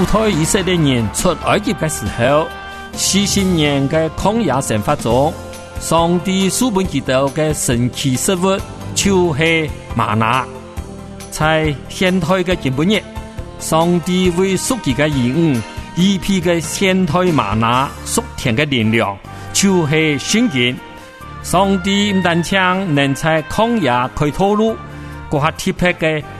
初胎以色列人出埃及的時候，四十年的曠野生活中，上帝數本盡多的神奇食物，就係嗎哪。在現代嘅幾百年，上帝為數計嘅兒女一批嘅現代嗎哪所賜嘅力量，就係信心。上帝唔單槍，能在曠野可以透露，個下天派嘅。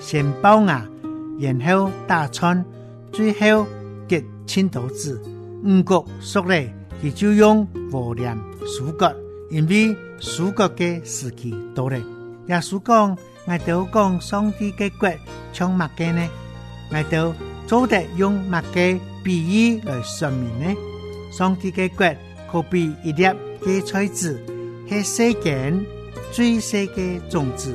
先包牙，啊，然後打穿，最後結青頭子。五、嗯、穀熟咧，伊就用禾鐮收割，因為收割的時期到了。耶穌講，我都講上帝嘅國像麼個呢？我都總得用麼個比喻來說明呢？上帝嘅國可比一粒芥菜籽，係細根最細的種子。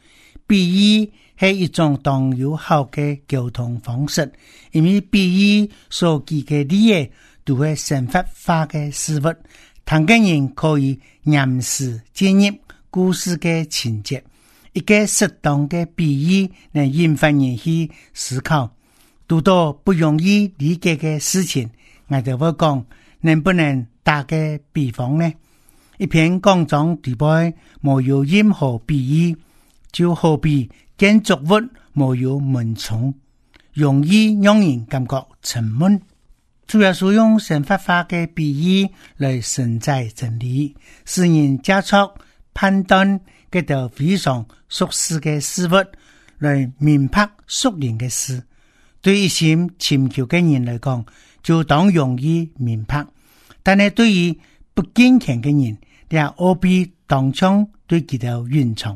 比喻是一種當友好的溝通方式，因為比喻所舉嘅嘢，都係生活化嘅事物。同嘅人可以認識、進入故事嘅情節。一個適當嘅比喻，能引發人去思考。讀到不容易理解嘅事情，我就會講：能不能打個比方呢？一篇講章底部，沒有任何比喻。就好比建築物沒有門窗，容易讓人感覺沉悶。主要是用生活化的比喻來承載真理，使人作出判斷。給到非常熟悉的事物來明白屬靈的事，對於些潛橋的人來講，就當容易明白，但係對於不堅強的人，你係必當槍對吉到原創。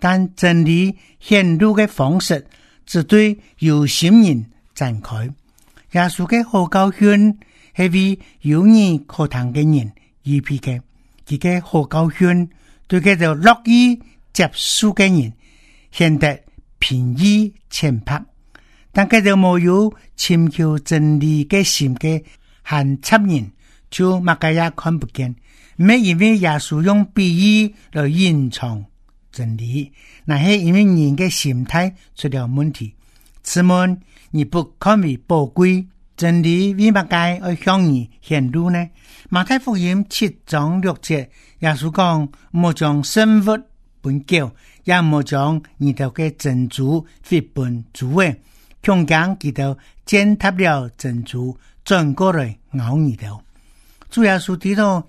但真理顯露嘅方式只對有心人展開，耶穌嘅好教圈係俾有耳可聽嘅人預備嘅，佢嘅好教圈對佢就樂意接受嘅人顯得便宜淺白，但佢就冇有尋求真理嘅心嘅閒察人就乜嘢也看不見。唔係因為耶穌用比喻來隱藏真理，那係因為人的心態出了問題。此門而不抗為寶貴。真理為麼該要向你顯露呢？馬太福音七章六節，耶穌講：莫將聖物本教，也莫將二頭的珍珠、背本、主耶，強揀二頭踐踏了珍珠，轉過來咬二頭。主要係呢度。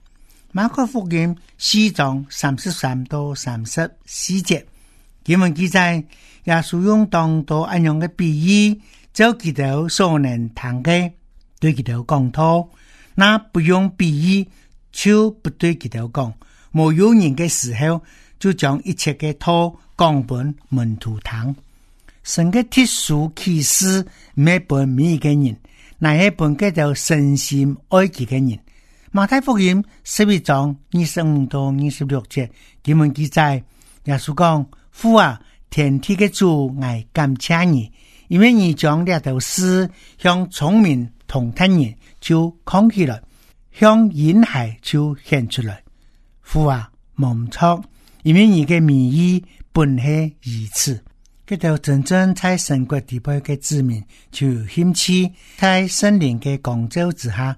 馬可福音四章三十三到三十四節，佢們記載也使用當多一樣嘅比喻，就佢條少年堂客對佢條講道，那不用比喻就不對佢條講，冇有人嘅時候就將一切嘅道講本門徒談，神嘅特殊啟示起每半每個人，那一本嘅就誠心愛己嘅人。馬太福音十一章二十五到二十六節，佢們記載耶穌講：父啊，天地嘅主，我感謝你。”因為你將呢條事向聰明同貪念就扛起來，向雲海就獻出來。父啊，冇錯，因為你嘅名義本係如此。佢條真正在神國地方嘅子民就興起，在森林嘅廣州之下。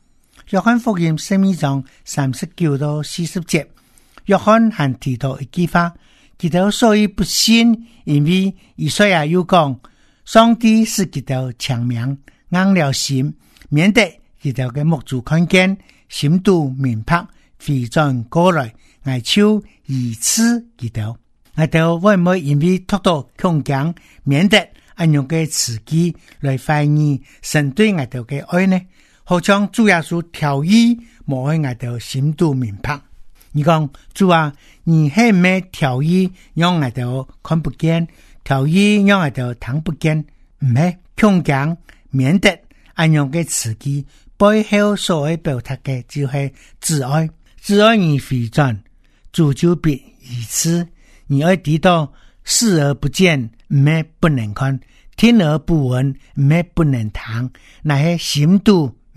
約翰福音十二章三十九到四十節，約翰還提到一句話，基督所以不信，因為以賽亞有講，上帝是基督長命，硬了心，免得基督嘅目珠看見心肚明白，回轉過來，愛超醫治基督，我哋為咩因為托到強頸，免得按樣嘅刺激來懷疑神對我哋嘅愛呢？好像主要是調衣，我會挨到心度明白。你講主啊，你還沒調衣，讓挨到看不見；調衣讓挨到聽不見，唔係講免得安用嘅刺激。背後所表達嘅就係自愛，自愛你反轉，主就變一次。你要知道，視而不見唔係不能看，聽而不聞唔係不能談，乃係心度。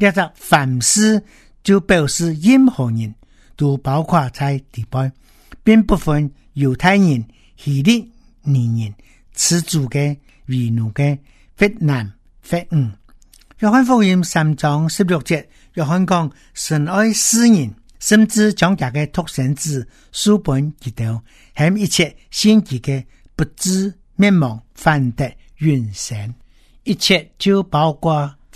一隻凡字就表示任何人都包括在內，並不分猶太人、希利尼人、自主嘅、為奴嘅、或男、或女。約翰福音三章十六節，約翰講神愛世人，甚至將佢嘅獨生子書本接到，喺一切先知嘅不致滅亡、反得永生，一切就包括。